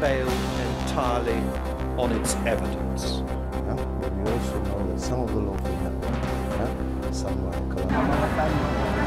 bailed entirely on its evidence. Yeah, but we also know that some of the local we yeah, some are